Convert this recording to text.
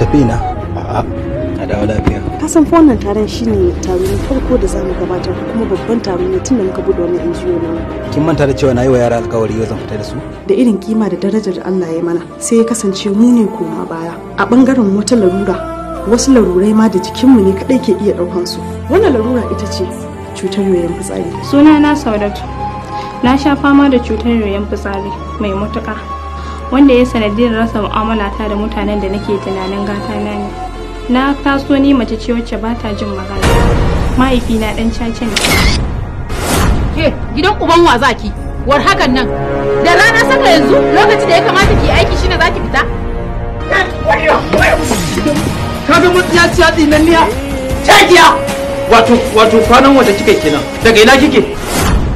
tafi ina a'a a lafiya ka san fa wannan taron shine taro na farko da zamu gabatar kuma babban taro ne tun da muka bude wannan na kin manta da cewa nayi wa yara alƙawari yau zan fita da su da irin kima da darajar Allah ya mana sai ya kasance mu ne koma baya a bangaren wata larura wasu larurai ma da jikinmu ne kadai ke iya ɗaukan su wannan larura ita ce cutar yoyon fitsari suna na saudatu na sha fama da cutar yoyon fitsari mai matuƙa wanda ya sanadin rasa mu'amalata da mutanen da nake tunanin gata na ne na taso ni mace ce wacce ba ta jin magana mahaifi na dan caca ne ke gidan uban wa zaki war hakan nan da rana saka yanzu lokaci da ya kamata ki aiki shine zaki fita ka ga mutiya ciya dinanniya cagiya wato wato kwanan wata kike kenan daga ina kike